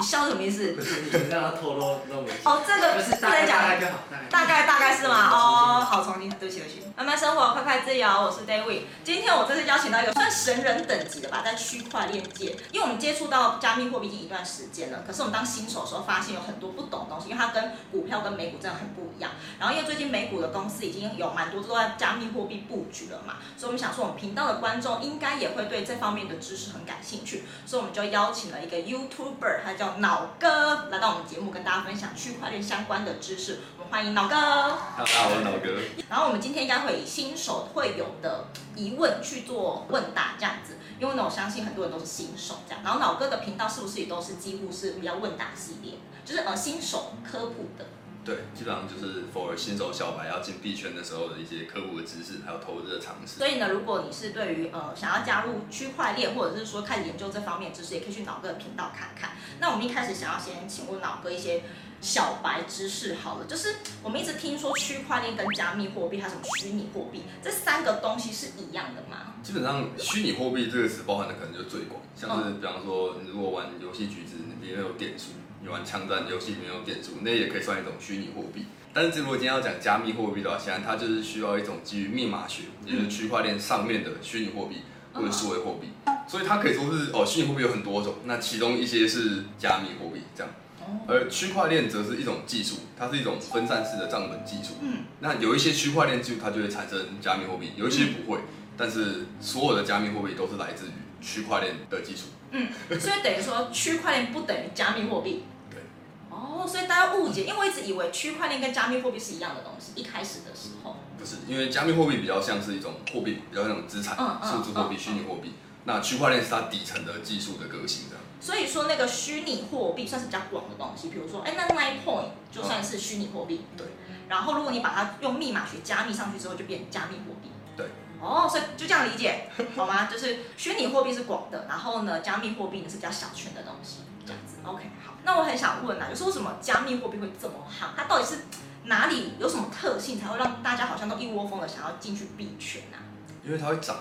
你笑什麼意思？呵呵你讓他透露都沒哦，這個不能講，大概大概大概，大概是嘛、嗯。哦，好，重新，對不起，對不起。慢慢生活，快快自由。我是 David，今天我這次邀請到一個算神人等級的吧，在區塊鏈接。因為我們接觸到加密貨幣已經一段時間了，可是我們當新手的時候發現有很多不懂的東西，因為它跟股票跟美股真的很不一樣。然後因為最近美股的公司已經有蠻多都在加密貨幣佈局了嘛，所以我們想說我們頻道的觀眾應該也會對這方面的知識很感興趣，所以我們就邀請了一個 YouTuber，他叫。腦哥來到我們節目，跟大家分享區塊鏈相關的知識。我們歡迎腦哥。Hello，我是腦哥。然後我們今天應該會以新手會有的疑問去做問答這樣子，因為呢，我相信很多人都是新手這樣。然後腦哥的頻道是不是也都是幾乎是比較問答系列，就是呃新手科普的？對，基本上就是 for 新手小白要進幣圈的時候的一些科普的知識，還有投資的常識。所以呢，如果你是對於呃想要加入區塊鏈或者是說看研究這方面的知識，也可以去腦哥的頻道看看。那我們一開始想要先請問腦哥一些小白知識好了，就是我們一直聽說區塊鏈跟加密貨幣，還有什麼虛擬貨幣，這三個東西是一樣的嗎？基本上虛擬貨幣這個詞包含的可能就最廣，像是比方說你、嗯、如果玩遊戲局子，裡面有點數。玩槍戰遊戲裡面用點數，那也可以算一種虛擬貨幣。但是，如果今天要講加密貨幣的話，顯然它就是需要一種基於密碼學、嗯，也就是區塊鏈上面的虛擬貨幣或者數位貨幣、哦。所以，它可以說是哦，虛擬貨幣有很多種。那其中一些是加密貨幣這樣，哦、而區塊鏈則是一種技術，它是一種分散式的賬本技術。嗯，那有一些區塊鏈技術它就會產生加密貨幣，有一些不會。嗯、但是，所有的加密貨幣都是來自於區塊鏈的技術。嗯，所以等於說，區塊鏈不等於加密貨幣。哦，所以大家誤解，因為我一直以為區塊鏈跟加密貨幣是一樣的東西。一開始的時候，嗯、不是，因為加密貨幣比較像是一種貨幣，比較像資產、嗯，數字貨幣、嗯、虛擬貨幣、嗯。那區塊鏈是它底層的技術的革新，的所以說，那個虛擬貨幣算是比較廣的東西，比如說，哎，那 Line Point 就算是虛擬貨幣，嗯、對。然後，如果你把它用密碼學加密上去之後，就變加密貨幣，對。哦，所以就這樣理解好嗎？ 就是虛擬貨幣是廣的，然後呢，加密貨幣呢是比較小圈的東西。OK，好，那我很想問啊，就是為什麼加密貨幣會這麼夯？它到底是哪裡有什麼特性才會讓大家好像都一窩蜂的想要進去幣圈呢？因為它會漲。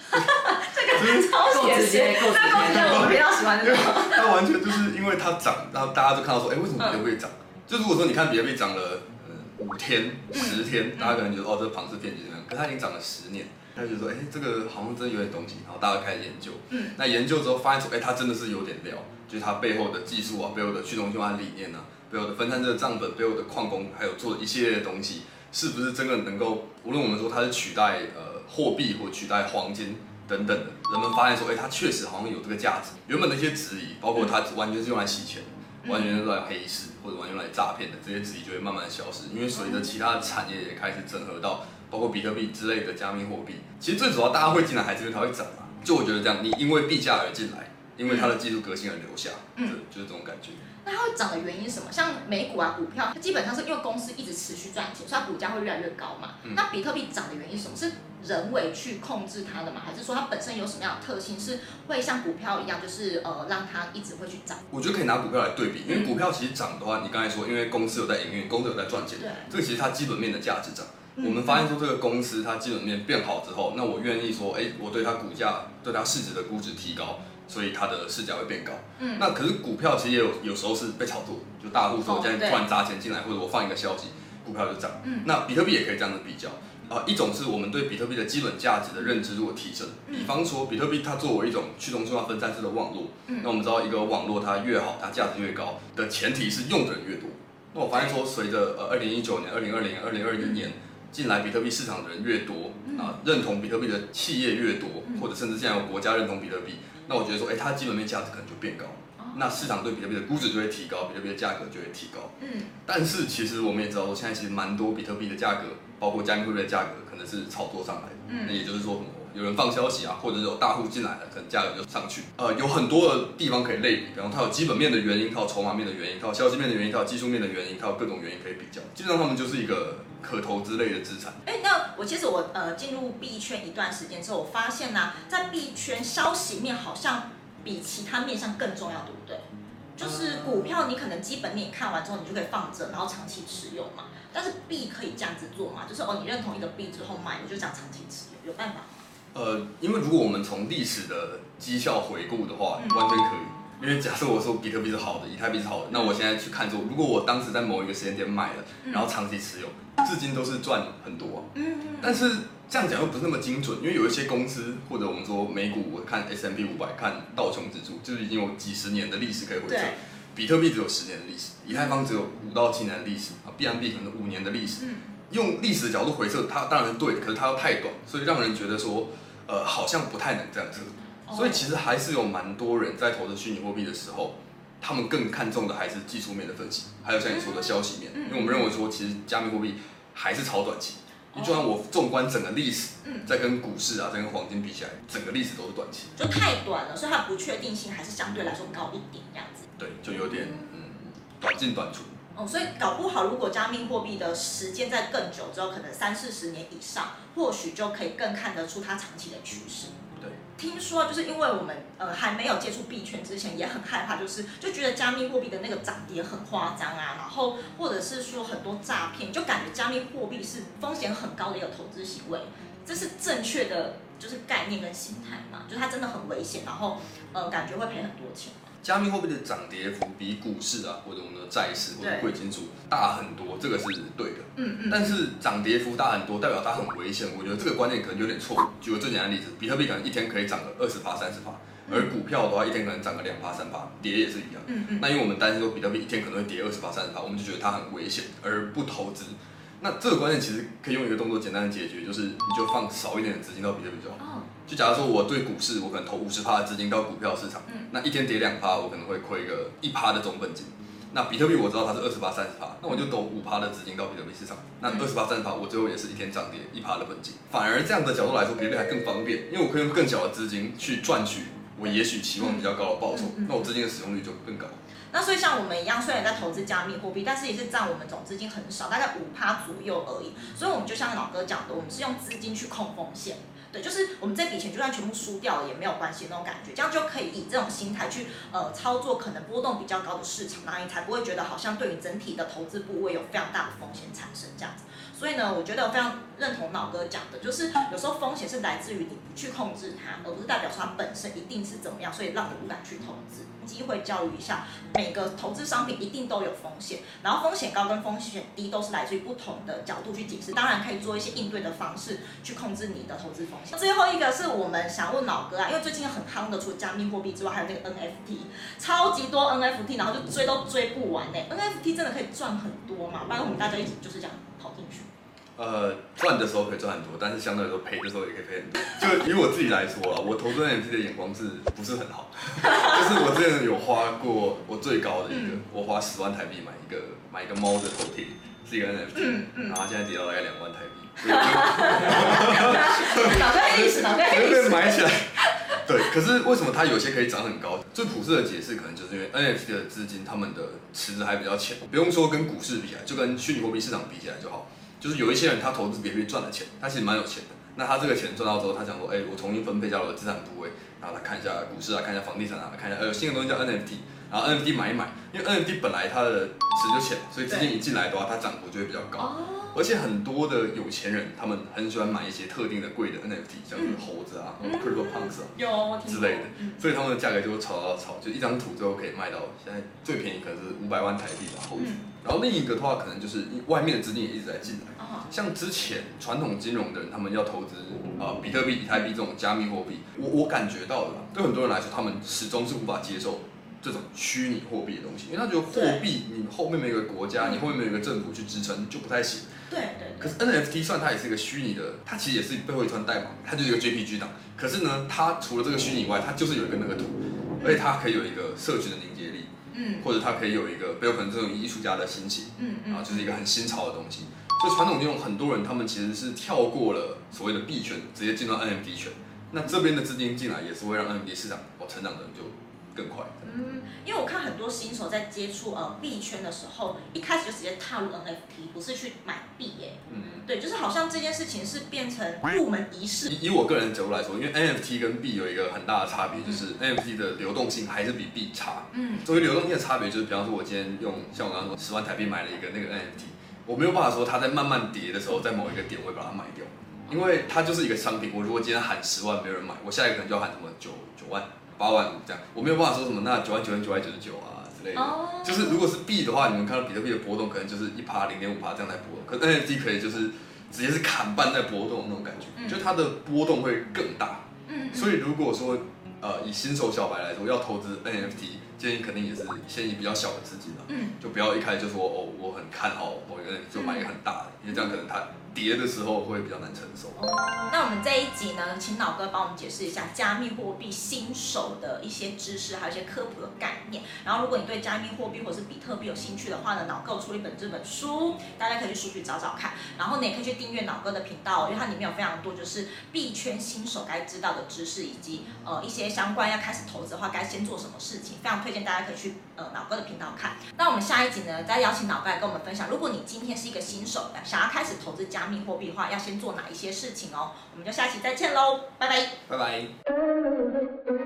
這個超、就是、直接，夠、就是、直接，我比較喜歡這種。 它完全就是因為它漲，然後大家就看到說，哎、欸，為什麼比特幣會漲、嗯？就如果說你看比特幣漲了、嗯、五天、十天，大家可能覺得、嗯嗯、哦，這龐氏騙局怎樣？可它已經漲了十年。他就說：“哎、欸，這個好像真的有點東西。”然後大家開始研究。嗯，那研究之後發現說：“哎、欸，它真的是有點料，就是它背後的技術啊，背後的去中心化的理念啊，背後的分散式賬本，背後的礦工，還有做一系列的東西，是不是真的能夠，無論我們說它是取代呃貨幣或取代黃金等等的，人們發現說：哎、欸，它確實好像有這個價值。原本的一些質疑，包括它完全是用來洗錢，完全是用來黑市或者完全用來詐騙的這些質疑，就會慢慢消失，因為隨着其他的產業也開始整合到。”包括比特幣之類的加密貨幣，其實最主要大家會進來還是因為它會漲嘛。就我覺得這樣，你因為幣價而進來，因為它的技術革新而留下，嗯，就是這種感覺。嗯、那它會漲的原因是什麼？像美股啊股票，它基本上是因為公司一直持續賺錢，所以它股價會越來越高嘛。嗯、那比特幣漲的原因是什麼？是人為去控制它的嗎？還是說它本身有什麼樣的特性是會像股票一樣，就是呃讓它一直會去漲？我覺得可以拿股票來對比，因為股票其實漲的話，嗯、你剛才說因為公司有在營運，公司有在賺錢，對，這個其實它基本面的價值漲。我們發現說，這個公司它基本面變好之後，那我願意說，哎，我對它股價、對它市值的估值提高，所以它的市價會變高。嗯、那可是股票其實也有有時候是被炒作，就大戶說我現在突然砸錢進來、哦，或者我放一個消息，股票就漲。嗯、那比特幣也可以這樣子比較啊、呃。一種是我們對比特幣的基本價值的認知如果提升、嗯，比方說比特幣它作為一種去中心化分散式的網絡、嗯，那我們知道一個網絡它越好，它價值越高，的前提是用的人越多。那我發現說，隨着呃二零一九年、二零二零年、二零二一年。進來比特幣市場的人越多，啊，認同比特幣的企業越多，或者甚至現在有國家認同比特幣，那我覺得說，哎，它基本面價值可能就變高，那市場對比特幣的估值就會提高，比特幣的價格就會提高。但是其實我們也知道，現在其實蠻多比特幣的價格，包括加密貨幣的價格，可能是炒作上來的。那，嗯，也就是說。有人放消息啊，或者有大戶進來了，可能價格就上去。呃，有很多的地方可以類比，然後它有基本面的原因，它有籌碼面的原因，它有消息面的原因，它有技術面的原因，它有各種原因可以比較。基本上，它們就是一個可投資類的資產。哎、欸，那我其實我呃進入 B 圈一段時間之後，我發現呢、啊，在 B 圈消息面好像比其他面向更重要，對不對？就是股票你可能基本面看完之後，你就可以放着，然後長期持有嘛。但是 B 可以這樣子做嘛？就是哦，你認同一個 B 之後買，你就想長期持有，有辦法？呃，因為如果我們從歷史的績效回顧的話，嗯嗯完全可以。因為假設我說比特幣是好的，以太幣是好的，那我現在去看說，如果我當時在某一個時間點買了，嗯嗯然後長期持有，至今都是賺很多、啊。嗯。但是這樣講又不是那麼精準，因為有一些公司或者我們說美股，我看 S&P 五百，看道瓊指數，就是已經有幾十年的歷史可以回測。比特幣只有十年的歷史，以太坊只有五到七年歷史啊，BNB 可能五年的歷史。嗯用歷史的角度回測，它當然是對的，可是它又太短，所以讓人覺得說，呃，好像不太能這樣子。Oh yeah. 所以其實還是有蠻多人在投資虛擬貨幣的時候，他們更看重的還是技術面的分析，還有像你說的消息面。Mm -hmm. 因為我們認為說，其實加密貨幣還是超短期。你、mm -hmm. oh. 就算我縱觀整個歷史，再、mm -hmm. 跟股市啊，再跟黃金比起來，整個歷史都是短期。就太短了，所以它的不確定性還是相對來說高一點這樣子。對，就有點、mm -hmm. 嗯、短進短出。哦、嗯，所以搞不好，如果加密貨幣的時間在更久之後，可能三四十年以上，或許就可以更看得出它長期的趨勢。對，聽說就是因為我們呃還沒有接觸幣圈之前，也很害怕，就是就覺得加密貨幣的那個漲跌很誇張啊，然後或者是說很多詐騙，就感覺加密貨幣是風險很高的一個投資行為，這是正確的就是概念跟心態嘛，就是它真的很危險，然後呃感覺會賠很多錢。加密貨幣的漲跌幅比股市啊，或者我們的債市或者貴金屬大很多，這個是對的。嗯嗯。但是漲跌幅大很多，代表它很危險，我覺得這個觀念可能有點錯誤。舉個最簡單的例子，比特幣可能一天可以漲個二十趴、三十趴，而股票的話一天可能漲個兩趴、三趴，跌也是一樣。嗯嗯。那因為我們擔心說比特幣一天可能會跌二十趴、三十趴，我們就覺得它很危險而不投資。那這個觀念其實可以用一個動作簡單的解決，就是你就放少一點的資金到比特幣就好。哦。就假如說我對股市，我可能投五十趴的資金到股票市場，嗯、那一天跌兩趴，我可能會虧個一趴的總本金。嗯、那比特幣我知道它是二十八三十趴，那、嗯、我就投五趴的資金到比特幣市場。嗯、那二十八三十趴，我最後也是一天漲跌一趴的本金、嗯。反而這樣的角度來說，比例還更方便，因為我可以用更小的資金去賺取我也許期望比較高的報酬，嗯、那我資金的使用率就更高。那所以像我們一樣，雖然在投資加密貨幣，但是也是佔我們總資金很少，大概五趴左右而已。所以我們就像老哥講的，我們是用資金去控風險。對，就是我們這筆錢就算全部輸掉了也沒有關係那種感覺，這樣就可以以這種心態去呃操作可能波動比較高的市場，然後你才不會覺得好像對於整體的投資部位有非常大的風險產生這樣子。所以呢，我覺得我非常認同腦哥講的，就是有時候風險是來自於你不去控制它，而不是代表說它本身一定是怎麼樣，所以讓你不敢去投資。機會教育一下，每個投資商品一定都有風險，然後風險高跟風險低都是來自於不同的角度去解釋，當然可以做一些應對的方式去控制你的投資風險。最後一個是我們想問老哥啊，因為最近很夯的，除了加密貨幣之外，還有那個 NFT，超級多 NFT，然後就追都追不完呢、欸。NFT 真的可以賺很多嘛？不然我們大家一直就是這樣跑進去。呃，賺的時候可以賺很多，但是相對來說賠的時候也可以賠很多。就以我自己來說啊，我投資 NFT 的眼光是不是很好？ 就是我之前有花過我最高的一個，嗯、我花十萬台幣買一個買一個貓的頭貼，是一個 NFT，嗯嗯、然後現在跌到大概兩萬台幣。哈、 嗯嗯、 意 買起來。對，可是為什麼它有些可以漲很高？最樸素的解釋可能就是因為 NFT 的資金，他們的池子還比較淺，不用說跟股市比啊，就跟虛擬貨幣市場比起來就好。就是有一些人，他投資比特幣賺了錢，他其實蠻有錢的。那他這個錢賺到之後，他想說，哎、欸，我重新分配一下我的資產部位，然後他看一下股市啊，看一下房地產啊，看一下呃有新的東西叫 NFT，然後 NFT 買一買，因為 NFT 本來它的值就淺，所以資金一進來的話，它漲幅就會比較高。而且很多的有錢人，他們很喜歡買一些特定的貴的 NFT，像是猴子啊，CryptoPunks 啊有之類的，所以他們的價格就會炒到炒，就一張圖之後可以賣到現在最便宜可能是五百萬台幣吧，猴子、嗯。然後另一個的話，可能就是外面的資金也一直在進來，哦、像之前傳統金融的人，他們要投資啊、呃、比特幣、以太幣這種加密貨幣，我我感覺到了，對很多人來說，他們始終是無法接受。這種虛擬貨幣的東西，因為他覺得貨幣你後面每一個國家，你後面每一個政府去支撐就不太行。對對對，對。可是 NFT 算，它也是一個虛擬的，它其實也是背後一串代碼，它就是一個 JPG 檔。可是呢，它除了這個虛擬外、嗯，它就是有一個那個圖、嗯，而且它可以有一個社群的凝結力，嗯，或者它可以有一個，很有可能這種藝術家的心情，嗯啊，嗯，就是一個很新潮的東西。就傳統金融很多人他們其實是跳過了所謂的幣圈，直接進到 NFT 圈。那這邊的資金進來也是會讓 NFT 市場哦成長的人就，更快。嗯，因為我看很多新手在接觸呃幣圈的時候，一開始就直接踏入 NFT，不是去買幣哎。嗯，對，就是好像這件事情是變成入門儀式以。以我個人的角度來說，因為 NFT 跟幣有一個很大的差別，就是 NFT 的流動性還是比幣差。嗯，所以流動性的差別就是，比方說我今天用像我剛剛說十萬台幣買了一個那個 NFT，我沒有辦法說它在慢慢跌的時候，在某一個點我會把它賣掉，因為它就是一個商品。我如果今天喊十萬沒有人買，我下一個可能就要喊什麼九九萬。八萬五這樣，我沒有辦法說什麼。那九萬九千九百九十九啊之類的、哦，就是如果是幣的話，你們看到比特幣的波動可能就是一趴、零點五趴這樣在波動。可 NFT 可以就是直接是砍半在波動那種感覺，嗯、就它的波動會更大。嗯嗯所以如果說呃以新手小白來說要投資 NFT，建議肯定也是先以比較小的資金了、啊，嗯、就不要一開始就說哦我很看好，我、哦、嗯就買一個很大的，因為這樣可能它。跌的時候會比較難承受。那我們這一集呢，請老哥幫我們解釋一下加密貨幣新手的一些知識，還有一些科普的概念。然後，如果你對加密貨幣或者是比特幣有興趣的話呢，老哥出一本這本書，大家可以去書局找找看。然後呢，你也可以去訂閱老哥的頻道，因為它裡面有非常多就是幣圈新手該知道的知識，以及呃一些相關要開始投資的話該先做什麼事情，非常推薦大家可以去呃老哥的頻道看。那我們下一集呢，再邀請老哥來跟我們分享，如果你今天是一個新手，想要開始投資加。加密貨幣化要先做哪一些事情哦，我們就下期再見嘍，拜拜，拜拜。